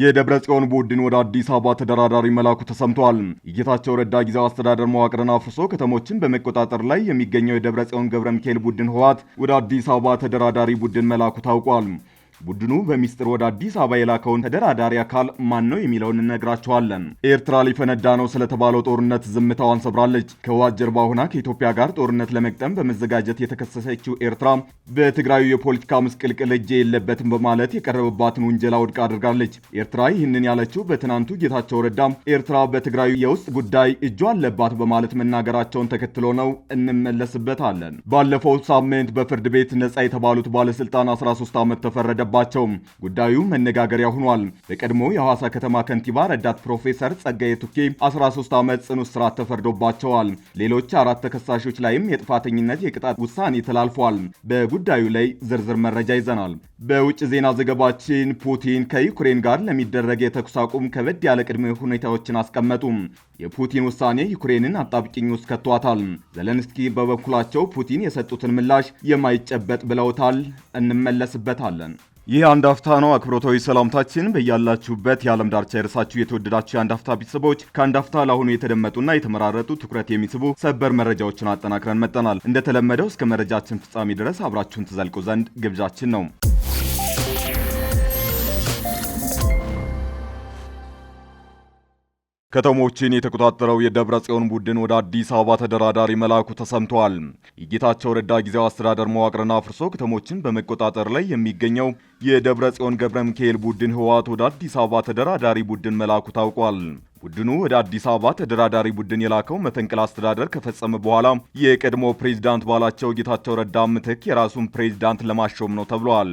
የደብረ ጽዮን ቡድን ወደ አዲስ አበባ ተደራዳሪ መላኩ ተሰምቷል። የጌታቸው ረዳ ጊዜው አስተዳደር መዋቅርን አፍርሶ ከተሞችን በመቆጣጠር ላይ የሚገኘው የደብረ ጽዮን ገብረ ሚካኤል ቡድን ህወሓት ወደ አዲስ አበባ ተደራዳሪ ቡድን መላኩ ታውቋል። ቡድኑ በሚስጥር ወደ አዲስ አበባ የላከውን ተደራዳሪ አካል ማን ነው የሚለውን እነግራቸዋለን። ኤርትራ ሊፈነዳ ነው ስለተባለው ጦርነት ዝምታዋን ሰብራለች። ከህወሓት ጀርባ ሆና ከኢትዮጵያ ጋር ጦርነት ለመግጠም በመዘጋጀት የተከሰሰችው ኤርትራ በትግራዩ የፖለቲካ ምስቅልቅል እጄ የለበትም በማለት የቀረበባትን ውንጀላ ውድቅ አድርጋለች። ኤርትራ ይህንን ያለችው በትናንቱ ጌታቸው ረዳ ኤርትራ በትግራዩ የውስጥ ጉዳይ እጇ አለባት በማለት መናገራቸውን ተከትሎ ነው። እንመለስበታለን። ባለፈው ሳምንት በፍርድ ቤት ነጻ የተባሉት ባለስልጣን 13 ዓመት ተፈረደ አለባቸው። ጉዳዩ መነጋገሪያ ሆኗል። በቀድሞ የሐዋሳ ከተማ ከንቲባ ረዳት ፕሮፌሰር ጸጋዬ ቱኬ 13 ዓመት ጽኑ እስራት ተፈርዶባቸዋል። ሌሎች አራት ተከሳሾች ላይም የጥፋተኝነት የቅጣት ውሳኔ ተላልፏል። በጉዳዩ ላይ ዝርዝር መረጃ ይዘናል። በውጭ ዜና ዘገባችን ፑቲን ከዩክሬን ጋር ለሚደረግ የተኩስ አቁም ከበድ ያለ ቅድመ ሁኔታዎችን አስቀመጡ። የፑቲን ውሳኔ ዩክሬንን አጣብቂኝ ውስጥ ከቷታል። ዘለንስኪ በበኩላቸው ፑቲን የሰጡትን ምላሽ የማይጨበጥ ብለውታል። እንመለስበታለን። ይህ አንድ አፍታ ነው። አክብሮታዊ ሰላምታችን በያላችሁበት የዓለም ዳርቻ የርሳችሁ የተወደዳችሁ የአንድ አፍታ ቤተሰቦች ከአንድ አፍታ ለአሁኑ የተደመጡና የተመራረጡ ትኩረት የሚስቡ ሰበር መረጃዎችን አጠናክረን መጠናል። እንደተለመደው እስከ መረጃችን ፍጻሜ ድረስ አብራችሁን ትዘልቁ ዘንድ ግብዣችን ነው። ከተሞችን የተቆጣጠረው የደብረ ጽዮን ቡድን ወደ አዲስ አበባ ተደራዳሪ መላኩ ተሰምቷል። የጌታቸው ረዳ ጊዜው አስተዳደር መዋቅርን አፍርሶ ከተሞችን በመቆጣጠር ላይ የሚገኘው የደብረ ጽዮን ገብረ ሚካኤል ቡድን ህወሓት ወደ አዲስ አበባ ተደራዳሪ ቡድን መላኩ ታውቋል። ቡድኑ ወደ አዲስ አበባ ተደራዳሪ ቡድን የላከው መፈንቅል አስተዳደር ከፈጸመ በኋላ የቀድሞ ፕሬዚዳንት ባላቸው ጌታቸው ረዳ ምትክ የራሱን ፕሬዚዳንት ለማሾም ነው ተብሏል።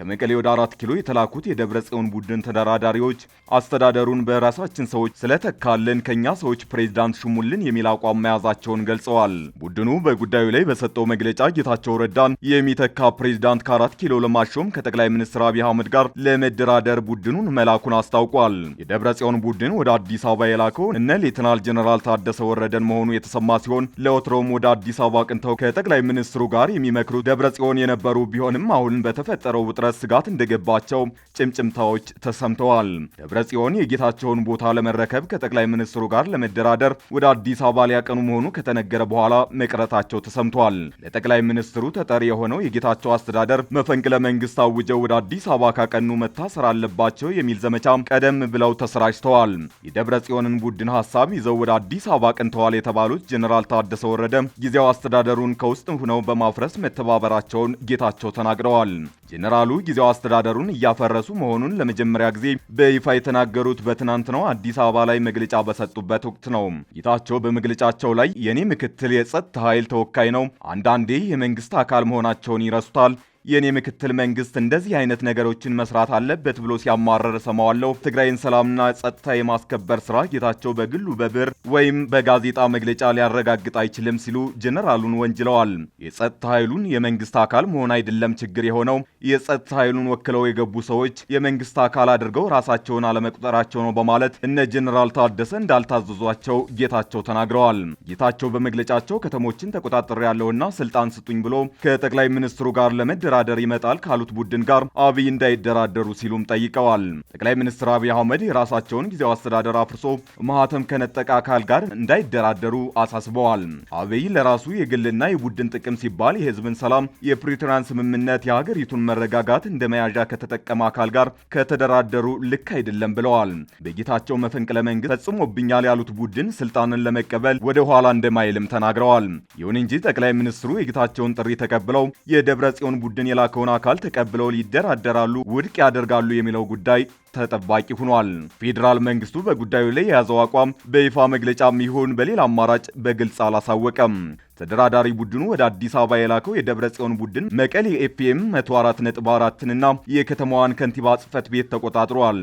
ከመቀሌ ወደ አራት ኪሎ የተላኩት የደብረ ጽዮን ቡድን ተደራዳሪዎች አስተዳደሩን በራሳችን ሰዎች ስለተካልን ከእኛ ሰዎች ፕሬዚዳንት ሹሙልን የሚል አቋም መያዛቸውን ገልጸዋል። ቡድኑ በጉዳዩ ላይ በሰጠው መግለጫ ጌታቸው ረዳን የሚተካ ፕሬዚዳንት ከአራት ኪሎ ለማሾም ከጠቅላይ ሚኒስትር አብይ አህመድ ጋር ለመደራደር ቡድኑን መላኩን አስታውቋል። የደብረ ጽዮን ቡድን ወደ አዲስ አበባ የላከው እነ ሌተናል ጀነራል ታደሰ ወረደን መሆኑ የተሰማ ሲሆን ለወትሮም ወደ አዲስ አበባ ቅንተው ከጠቅላይ ሚኒስትሩ ጋር የሚመክሩ ደብረ ጽዮን የነበሩ ቢሆንም አሁን በተፈጠረው ውጥረት ጥምረት ስጋት እንደገባቸው ጭምጭምታዎች ተሰምተዋል። ደብረ ጽዮን የጌታቸውን ቦታ ለመረከብ ከጠቅላይ ሚኒስትሩ ጋር ለመደራደር ወደ አዲስ አበባ ሊያቀኑ መሆኑ ከተነገረ በኋላ መቅረታቸው ተሰምቷል። ለጠቅላይ ሚኒስትሩ ተጠሪ የሆነው የጌታቸው አስተዳደር መፈንቅለ መንግስት አውጀው ወደ አዲስ አበባ ካቀኑ መታሰር አለባቸው የሚል ዘመቻ ቀደም ብለው ተሰራጭተዋል። የደብረ ጽዮንን ቡድን ሀሳብ ይዘው ወደ አዲስ አበባ ቅንተዋል የተባሉት ጀኔራል ታደሰ ወረደ ጊዜያዊ አስተዳደሩን ከውስጥ ሆነው በማፍረስ መተባበራቸውን ጌታቸው ተናግረዋል። ጄኔራሉ ጊዜው አስተዳደሩን እያፈረሱ መሆኑን ለመጀመሪያ ጊዜ በይፋ የተናገሩት በትናንትናው አዲስ አበባ ላይ መግለጫ በሰጡበት ወቅት ነው። ጌታቸው በመግለጫቸው ላይ የኔ ምክትል የጸጥታ ኃይል ተወካይ ነው፣ አንዳንዴ የመንግስት አካል መሆናቸውን ይረሱታል የእኔ ምክትል መንግስት እንደዚህ አይነት ነገሮችን መስራት አለበት ብሎ ሲያማረር ሰማዋለሁ። ትግራይን ሰላምና ጸጥታ የማስከበር ስራ ጌታቸው በግሉ በብር ወይም በጋዜጣ መግለጫ ሊያረጋግጥ አይችልም ሲሉ ጀነራሉን ወንጅለዋል። የጸጥታ ኃይሉን የመንግስት አካል መሆን አይደለም ችግር የሆነው የጸጥታ ኃይሉን ወክለው የገቡ ሰዎች የመንግስት አካል አድርገው ራሳቸውን አለመቁጠራቸው ነው በማለት እነ ጀነራል ታደሰ እንዳልታዘዟቸው ጌታቸው ተናግረዋል። ጌታቸው በመግለጫቸው ከተሞችን ተቆጣጠር ያለውና ስልጣን ስጡኝ ብሎ ከጠቅላይ ሚኒስትሩ ጋር ለመደራ መደራደር ይመጣል ካሉት ቡድን ጋር አብይ እንዳይደራደሩ ሲሉም ጠይቀዋል። ጠቅላይ ሚኒስትር አብይ አህመድ የራሳቸውን ጊዜው አስተዳደር አፍርሶ ማህተም ከነጠቀ አካል ጋር እንዳይደራደሩ አሳስበዋል። አብይ ለራሱ የግልና የቡድን ጥቅም ሲባል የህዝብን ሰላም፣ የፕሪቶሪያን ስምምነት፣ የሀገሪቱን መረጋጋት እንደ መያዣ ከተጠቀመ አካል ጋር ከተደራደሩ ልክ አይደለም ብለዋል። በጌታቸው መፈንቅለ መንግስት ፈጽሞብኛል ያሉት ቡድን ስልጣንን ለመቀበል ወደ ኋላ እንደማይልም ተናግረዋል። ይሁን እንጂ ጠቅላይ ሚኒስትሩ የጌታቸውን ጥሪ ተቀብለው የደብረ ጽዮን ቡድን ውሳኔ የላከውን አካል ተቀብለው ሊደራደራሉ፣ ውድቅ ያደርጋሉ የሚለው ጉዳይ ተጠባቂ ሆኗል። ፌዴራል መንግስቱ በጉዳዩ ላይ የያዘው አቋም በይፋ መግለጫም ይሁን በሌላ አማራጭ በግልጽ አላሳወቀም። ተደራዳሪ ቡድኑ ወደ አዲስ አበባ የላከው የደብረ ጽዮን ቡድን መቀሌ ኤፒኤም 104.4ንና የከተማዋን ከንቲባ ጽህፈት ቤት ተቆጣጥሯል።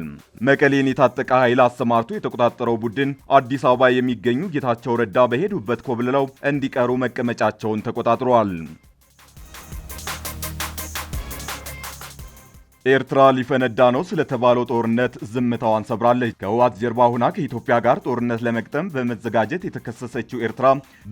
መቀሌን የታጠቀ ኃይል አሰማርቶ የተቆጣጠረው ቡድን አዲስ አበባ የሚገኙ ጌታቸው ረዳ በሄዱበት ኮብልለው እንዲቀሩ መቀመጫቸውን ተቆጣጥሯል። ኤርትራ ሊፈነዳ ነው ስለተባለው ጦርነት ዝምታዋን ሰብራለች። ከህወሓት ጀርባ ሆና ከኢትዮጵያ ጋር ጦርነት ለመቅጠም በመዘጋጀት የተከሰሰችው ኤርትራ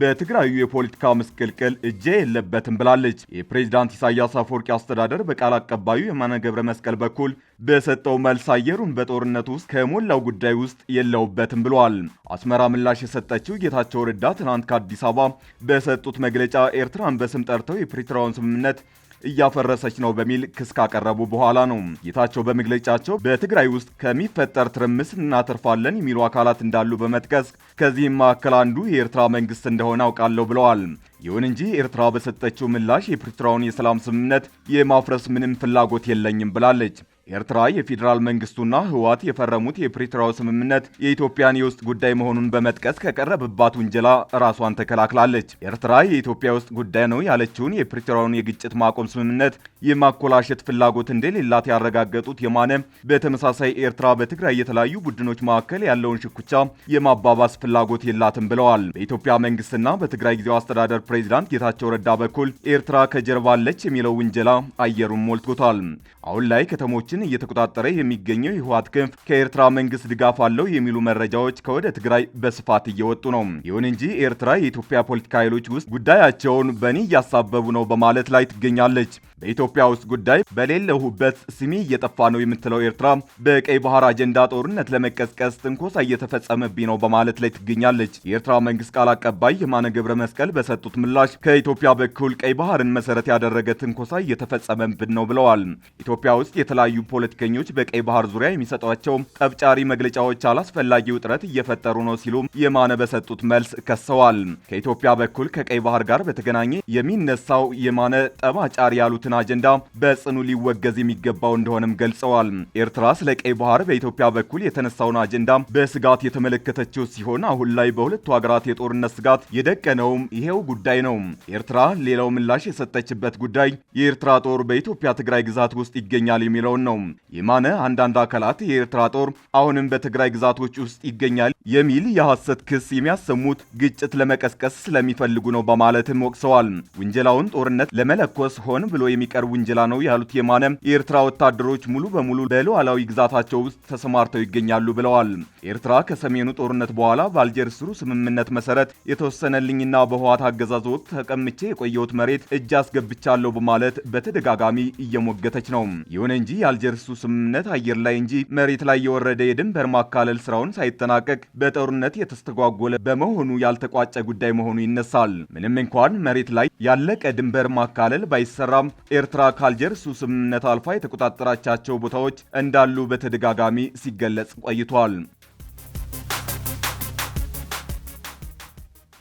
በትግራዩ የፖለቲካ ምስቅልቅል እጄ የለበትም ብላለች። የፕሬዚዳንት ኢሳያስ አፈወርቂ አስተዳደር በቃል አቀባዩ የማነ ገብረ መስቀል በኩል በሰጠው መልስ አየሩን በጦርነት ውስጥ ከሞላው ጉዳይ ውስጥ የለውበትም ብለዋል። አስመራ ምላሽ የሰጠችው ጌታቸው ረዳ ትናንት ከአዲስ አበባ በሰጡት መግለጫ ኤርትራን በስም ጠርተው የፕሪቶሪያውን ስምምነት እያፈረሰች ነው በሚል ክስ ካቀረቡ በኋላ ነው። ጌታቸው በመግለጫቸው በትግራይ ውስጥ ከሚፈጠር ትርምስ እናተርፋለን የሚሉ አካላት እንዳሉ በመጥቀስ ከዚህም መካከል አንዱ የኤርትራ መንግስት እንደሆነ አውቃለሁ ብለዋል። ይሁን እንጂ ኤርትራ በሰጠችው ምላሽ የፕሪቶሪያውን የሰላም ስምምነት የማፍረስ ምንም ፍላጎት የለኝም ብላለች። ኤርትራ የፌዴራል መንግስቱና ህወሓት የፈረሙት የፕሪቶሪያው ስምምነት የኢትዮጵያን የውስጥ ጉዳይ መሆኑን በመጥቀስ ከቀረበባት ውንጀላ ራሷን ተከላክላለች። ኤርትራ የኢትዮጵያ ውስጥ ጉዳይ ነው ያለችውን የፕሪቶሪያውን የግጭት ማቆም ስምምነት የማኮላሸት ፍላጎት እንደሌላት ያረጋገጡት የማነ በተመሳሳይ ኤርትራ በትግራይ የተለያዩ ቡድኖች መካከል ያለውን ሽኩቻ የማባባስ ፍላጎት የላትም ብለዋል። በኢትዮጵያ መንግስትና በትግራይ ጊዜው አስተዳደር ፕሬዚዳንት ጌታቸው ረዳ በኩል ኤርትራ ከጀርባ አለች የሚለው ውንጀላ አየሩን ሞልቶታል። አሁን ላይ ከተሞች ቦታዎችን እየተቆጣጠረ የሚገኘው የህወሓት ክንፍ ከኤርትራ መንግስት ድጋፍ አለው የሚሉ መረጃዎች ከወደ ትግራይ በስፋት እየወጡ ነው። ይሁን እንጂ ኤርትራ የኢትዮጵያ ፖለቲካ ኃይሎች ውስጥ ጉዳያቸውን በእኔ እያሳበቡ ነው በማለት ላይ ትገኛለች። በኢትዮጵያ ውስጥ ጉዳይ በሌለሁበት ስሜ እየጠፋ ነው የምትለው ኤርትራ በቀይ ባህር አጀንዳ ጦርነት ለመቀስቀስ ትንኮሳ እየተፈጸመብኝ ነው በማለት ላይ ትገኛለች። የኤርትራ መንግስት ቃል አቀባይ የማነ ገብረ መስቀል በሰጡት ምላሽ ከኢትዮጵያ በኩል ቀይ ባህርን መሰረት ያደረገ ትንኮሳ እየተፈጸመብን ነው ብለዋል። ኢትዮጵያ ውስጥ የተለያዩ ፖለቲከኞች በቀይ ባህር ዙሪያ የሚሰጧቸው ጠብጫሪ መግለጫዎች አላስፈላጊ ውጥረት እየፈጠሩ ነው ሲሉ የማነ በሰጡት መልስ ከሰዋል። ከኢትዮጵያ በኩል ከቀይ ባህር ጋር በተገናኘ የሚነሳው የማነ ጠባጫሪ ያሉትን አጀንዳ በጽኑ ሊወገዝ የሚገባው እንደሆነም ገልጸዋል። ኤርትራ ስለ ቀይ ባህር በኢትዮጵያ በኩል የተነሳውን አጀንዳ በስጋት የተመለከተችው ሲሆን አሁን ላይ በሁለቱ ሀገራት የጦርነት ስጋት የደቀነውም ይሄው ጉዳይ ነው። ኤርትራ ሌላው ምላሽ የሰጠችበት ጉዳይ የኤርትራ ጦር በኢትዮጵያ ትግራይ ግዛት ውስጥ ይገኛል የሚለውን ነው። ነው። የማነ አንዳንድ አካላት የኤርትራ ጦር አሁንም በትግራይ ግዛቶች ውስጥ ይገኛል የሚል የሐሰት ክስ የሚያሰሙት ግጭት ለመቀስቀስ ስለሚፈልጉ ነው በማለትም ወቅሰዋል። ውንጀላውን ጦርነት ለመለኮስ ሆን ብሎ የሚቀርብ ውንጀላ ነው ያሉት የማነ የኤርትራ ወታደሮች ሙሉ በሙሉ በሉዓላዊ ግዛታቸው ውስጥ ተሰማርተው ይገኛሉ ብለዋል። ኤርትራ ከሰሜኑ ጦርነት በኋላ ስሩ ስምምነት መሰረት የተወሰነልኝና በህዋት አገዛዝ ወቅት ተቀምቼ የቆየሁት መሬት እጅ አስገብቻለሁ በማለት በተደጋጋሚ እየሞገተች ነው። ይሁን እንጂ የአልጀርሱ ስምምነት አየር ላይ እንጂ መሬት ላይ የወረደ የድንበር ማካለል ስራውን ሳይጠናቀቅ በጦርነት የተስተጓጎለ በመሆኑ ያልተቋጨ ጉዳይ መሆኑ ይነሳል። ምንም እንኳን መሬት ላይ ያለቀ ድንበር ማካለል ባይሰራም ኤርትራ ከአልጀርሱ ስምምነት አልፋ የተቆጣጠራቻቸው ቦታዎች እንዳሉ በተደጋጋሚ ሲገለጽ ቆይቷል።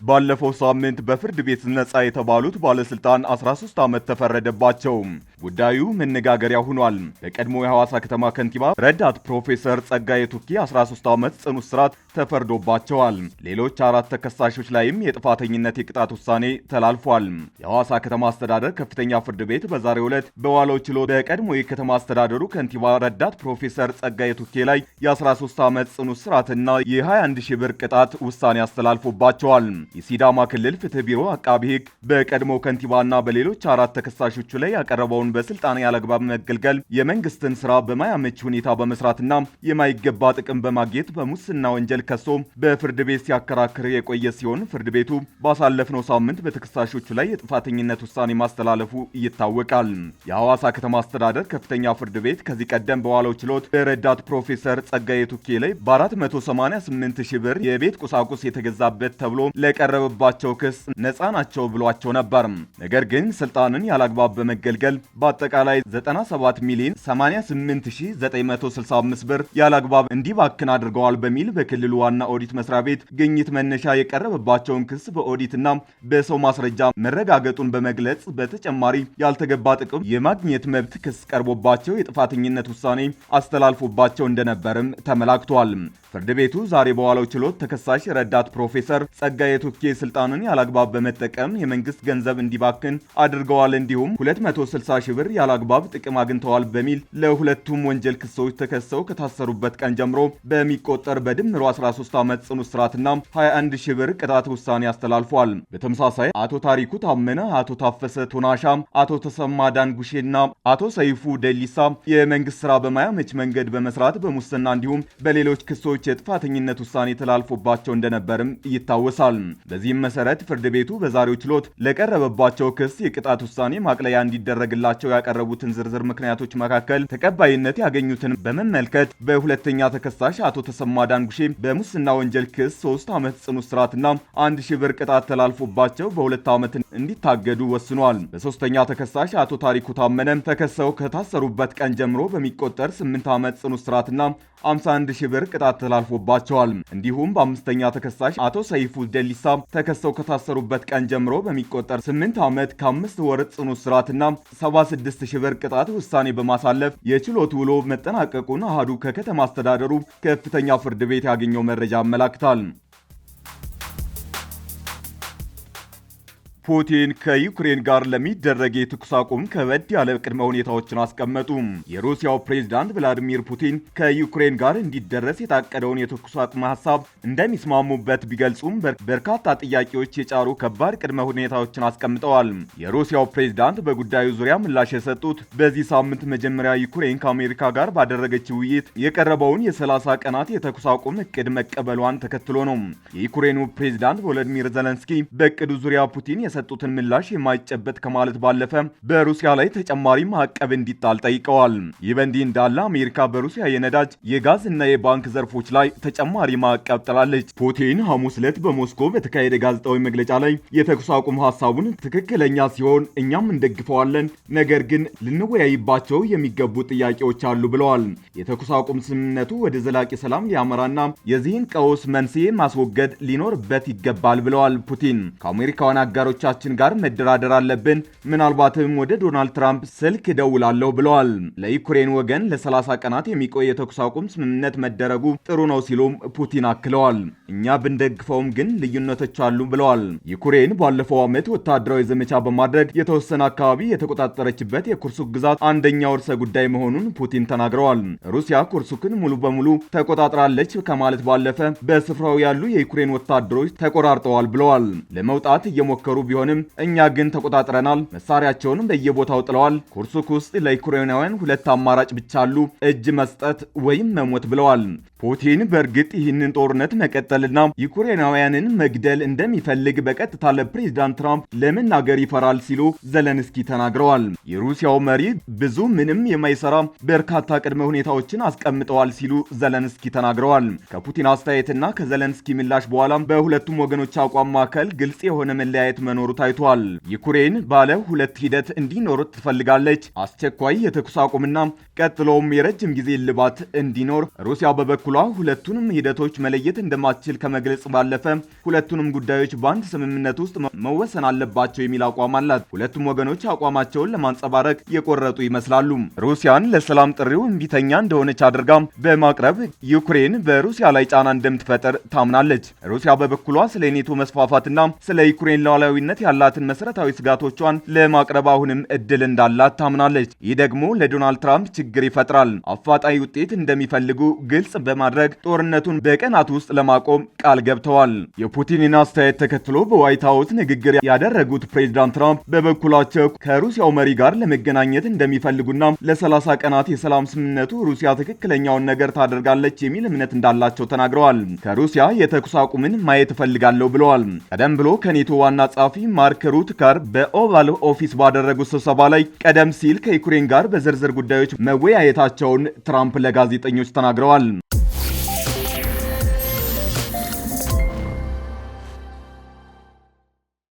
ባለፈው ሳምንት በፍርድ ቤት ነጻ የተባሉት ባለስልጣን 13 ዓመት ተፈረደባቸው። ጉዳዩ መነጋገሪያ ሆኗል። በቀድሞ የሐዋሳ ከተማ ከንቲባ ረዳት ፕሮፌሰር ጸጋዬ ቱኬ 13 ዓመት ጽኑ እስራት ተፈርዶባቸዋል። ሌሎች አራት ተከሳሾች ላይም የጥፋተኝነት የቅጣት ውሳኔ ተላልፏል። የሐዋሳ ከተማ አስተዳደር ከፍተኛ ፍርድ ቤት በዛሬው ዕለት በዋለው ችሎት በቀድሞ የከተማ አስተዳደሩ ከንቲባ ረዳት ፕሮፌሰር ጸጋዬ ቱኬ ላይ የ13 ዓመት ጽኑ እስራትና የ21 ሺህ ብር ቅጣት ውሳኔ አስተላልፎባቸዋል። የሲዳማ ክልል ፍትህ ቢሮ አቃቢ ህግ በቀድሞ ከንቲባና በሌሎች አራት ተከሳሾቹ ላይ ያቀረበውን በስልጣን ያለግባብ መገልገል የመንግስትን ስራ በማያመች ሁኔታ በመስራትና የማይገባ ጥቅም በማግኘት በሙስና ወንጀል ከሶ በፍርድ ቤት ሲያከራክር የቆየ ሲሆን ፍርድ ቤቱ ባሳለፍነው ሳምንት በተከሳሾቹ ላይ የጥፋተኝነት ውሳኔ ማስተላለፉ ይታወቃል። የሐዋሳ ከተማ አስተዳደር ከፍተኛ ፍርድ ቤት ከዚህ ቀደም በዋለው ችሎት በረዳት ፕሮፌሰር ጸጋዬ ቱኬ ላይ በ488 ሺህ ብር የቤት ቁሳቁስ የተገዛበት ተብሎ ለቀ በቀረበባቸው ክስ ነፃ ናቸው ብሏቸው ነበር። ነገር ግን ስልጣንን ያላግባብ በመገልገል በአጠቃላይ 97 ሚሊዮን 88965 ብር ያላግባብ እንዲባክን አድርገዋል በሚል በክልሉ ዋና ኦዲት መስሪያ ቤት ግኝት መነሻ የቀረበባቸውን ክስ በኦዲትና በሰው ማስረጃ መረጋገጡን በመግለጽ በተጨማሪ ያልተገባ ጥቅም የማግኘት መብት ክስ ቀርቦባቸው የጥፋተኝነት ውሳኔ አስተላልፎባቸው እንደነበርም ተመላክቷል። ፍርድ ቤቱ ዛሬ በዋለው ችሎት ተከሳሽ ረዳት ፕሮፌሰር ጸጋዬቱ ሹኬ ስልጣንን ያላግባብ በመጠቀም የመንግስት ገንዘብ እንዲባክን አድርገዋል። እንዲሁም 260 ሺህ ብር ያላግባብ ጥቅም አግኝተዋል በሚል ለሁለቱም ወንጀል ክሶች ተከሰው ከታሰሩበት ቀን ጀምሮ በሚቆጠር በድምሩ 13 ዓመት ጽኑ እስራትና 21 ሺህ ብር ቅጣት ውሳኔ አስተላልፏል። በተመሳሳይ አቶ ታሪኩ ታመነ፣ አቶ ታፈሰ ቶናሻ፣ አቶ ተሰማ ዳንጉሼና አቶ ሰይፉ ደሊሳ የመንግስት ስራ በማያመች መንገድ በመስራት በሙስና እንዲሁም በሌሎች ክሶች የጥፋተኝነት ውሳኔ ተላልፎባቸው እንደነበርም ይታወሳል። በዚህም መሰረት ፍርድ ቤቱ በዛሬው ችሎት ለቀረበባቸው ክስ የቅጣት ውሳኔ ማቅለያ እንዲደረግላቸው ያቀረቡትን ዝርዝር ምክንያቶች መካከል ተቀባይነት ያገኙትን በመመልከት በሁለተኛ ተከሳሽ አቶ ተሰማ ዳንጉሼ በሙስና ወንጀል ክስ ሶስት ዓመት ጽኑ እስራትና አንድ ሺህ ብር ቅጣት ተላልፎባቸው በሁለት ዓመት እንዲታገዱ ወስኗል። በሶስተኛ ተከሳሽ አቶ ታሪኩ ታመነ ተከሰው ከታሰሩበት ቀን ጀምሮ በሚቆጠር ስምንት ዓመት ጽኑ እስራትና 51 ሺህ ብር ቅጣት ተላልፎባቸዋል። እንዲሁም በአምስተኛ ተከሳሽ አቶ ሰይፉ ደሊሳ ተከሰው ከታሰሩበት ቀን ጀምሮ በሚቆጠር 8 ዓመት ከአምስት ወር ጽኑ እስራትና 76 ሺህ ብር ቅጣት ውሳኔ በማሳለፍ የችሎት ውሎ መጠናቀቁን አህዱ ከከተማ አስተዳደሩ ከፍተኛ ፍርድ ቤት ያገኘው መረጃ አመላክታል። ፑቲን ከዩክሬን ጋር ለሚደረግ የትኩስ አቁም ከበድ ያለ ቅድመ ሁኔታዎችን አስቀመጡ። የሩሲያው ፕሬዝዳንት ቭላዲሚር ፑቲን ከዩክሬን ጋር እንዲደረስ የታቀደውን የትኩስ አቁም ሀሳብ እንደሚስማሙበት ቢገልጹም በርካታ ጥያቄዎች የጫሩ ከባድ ቅድመ ሁኔታዎችን አስቀምጠዋል። የሩሲያው ፕሬዝዳንት በጉዳዩ ዙሪያ ምላሽ የሰጡት በዚህ ሳምንት መጀመሪያ ዩክሬን ከአሜሪካ ጋር ባደረገችው ውይይት የቀረበውን የ30 ቀናት የተኩስ አቁም እቅድ መቀበሏን ተከትሎ ነው። የዩክሬኑ ፕሬዝዳንት ቮሎዲሚር ዘለንስኪ በእቅዱ ዙሪያ ፑቲን የሰጡትን ምላሽ የማይጨበጥ ከማለት ባለፈ በሩሲያ ላይ ተጨማሪ ማዕቀብ እንዲጣል ጠይቀዋል። ይህ በእንዲህ እንዳለ አሜሪካ በሩሲያ የነዳጅ የጋዝ እና የባንክ ዘርፎች ላይ ተጨማሪ ማዕቀብ ጥላለች። ፑቲን ሐሙስ ዕለት በሞስኮ በተካሄደ ጋዜጣዊ መግለጫ ላይ የተኩስ አቁም ሀሳቡን ትክክለኛ ሲሆን እኛም እንደግፈዋለን፣ ነገር ግን ልንወያይባቸው የሚገቡ ጥያቄዎች አሉ ብለዋል። የተኩስ አቁም ስምምነቱ ወደ ዘላቂ ሰላም ሊያመራና የዚህን ቀውስ መንስኤ ማስወገድ ሊኖርበት ይገባል ብለዋል ፑቲን ከአሜሪካውያን አጋሮች አጋሮቻችን ጋር መደራደር አለብን። ምናልባትም ወደ ዶናልድ ትራምፕ ስልክ እደውላለሁ ብለዋል። ለዩክሬን ወገን ለ30 ቀናት የሚቆይ የተኩስ አቁም ስምምነት መደረጉ ጥሩ ነው ሲሉም ፑቲን አክለዋል። እኛ ብንደግፈውም ግን ልዩነቶች አሉ ብለዋል። ዩክሬን ባለፈው ዓመት ወታደራዊ ዘመቻ በማድረግ የተወሰነ አካባቢ የተቆጣጠረችበት የኩርሱክ ግዛት አንደኛው ርዕሰ ጉዳይ መሆኑን ፑቲን ተናግረዋል። ሩሲያ ኩርሱክን ሙሉ በሙሉ ተቆጣጥራለች ከማለት ባለፈ በስፍራው ያሉ የዩክሬን ወታደሮች ተቆራርጠዋል ብለዋል። ለመውጣት እየሞከሩ ቢሆንም እኛ ግን ተቆጣጥረናል። መሳሪያቸውንም በየቦታው ጥለዋል። ኩርሱክ ውስጥ ለዩክሬናውያን ሁለት አማራጭ ብቻ አሉ፣ እጅ መስጠት ወይም መሞት ብለዋል። ፑቲን በእርግጥ ይህንን ጦርነት መቀጠልና ዩክሬናውያንን መግደል እንደሚፈልግ በቀጥታ ለፕሬዚዳንት ትራምፕ ለመናገር ይፈራል ሲሉ ዘለንስኪ ተናግረዋል። የሩሲያው መሪ ብዙ ምንም የማይሰራ በርካታ ቅድመ ሁኔታዎችን አስቀምጠዋል ሲሉ ዘለንስኪ ተናግረዋል። ከፑቲን አስተያየትና ከዘለንስኪ ምላሽ በኋላ በሁለቱም ወገኖች አቋም መካከል ግልጽ የሆነ መለያየት መኖሩ ታይቷል። ዩክሬን ባለ ሁለት ሂደት እንዲኖር ትፈልጋለች። አስቸኳይ የተኩስ አቁምና ቀጥሎም የረጅም ጊዜ ልባት እንዲኖር ሩሲያ በበኩል በበኩሏ ሁለቱንም ሂደቶች መለየት እንደማትችል ከመግለጽ ባለፈ ሁለቱንም ጉዳዮች በአንድ ስምምነት ውስጥ መወሰን አለባቸው የሚል አቋም አላት። ሁለቱም ወገኖች አቋማቸውን ለማንጸባረቅ የቆረጡ ይመስላሉ። ሩሲያን ለሰላም ጥሪው እምቢተኛ እንደሆነች አድርጋ በማቅረብ ዩክሬን በሩሲያ ላይ ጫና እንደምትፈጥር ታምናለች። ሩሲያ በበኩሏ ስለ ኔቶ መስፋፋትና ስለ ዩክሬን ሉዓላዊነት ያላትን መሰረታዊ ስጋቶቿን ለማቅረብ አሁንም እድል እንዳላት ታምናለች። ይህ ደግሞ ለዶናልድ ትራምፕ ችግር ይፈጥራል። አፋጣኝ ውጤት እንደሚፈልጉ ግልጽ በማ ማድረግ ጦርነቱን በቀናት ውስጥ ለማቆም ቃል ገብተዋል። የፑቲንን አስተያየት ተከትሎ በዋይት ሀውስ ንግግር ያደረጉት ፕሬዚዳንት ትራምፕ በበኩላቸው ከሩሲያው መሪ ጋር ለመገናኘት እንደሚፈልጉና ለ30 ቀናት የሰላም ስምምነቱ ሩሲያ ትክክለኛውን ነገር ታደርጋለች የሚል እምነት እንዳላቸው ተናግረዋል። ከሩሲያ የተኩስ አቁምን ማየት እፈልጋለሁ ብለዋል። ቀደም ብሎ ከኔቶ ዋና ጸሐፊ ማርክ ሩት ጋር በኦቫል ኦፊስ ባደረጉት ስብሰባ ላይ ቀደም ሲል ከዩክሬን ጋር በዝርዝር ጉዳዮች መወያየታቸውን ትራምፕ ለጋዜጠኞች ተናግረዋል።